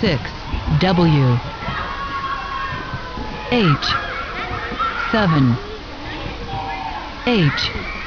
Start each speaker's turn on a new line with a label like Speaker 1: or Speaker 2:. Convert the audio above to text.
Speaker 1: six W H seven H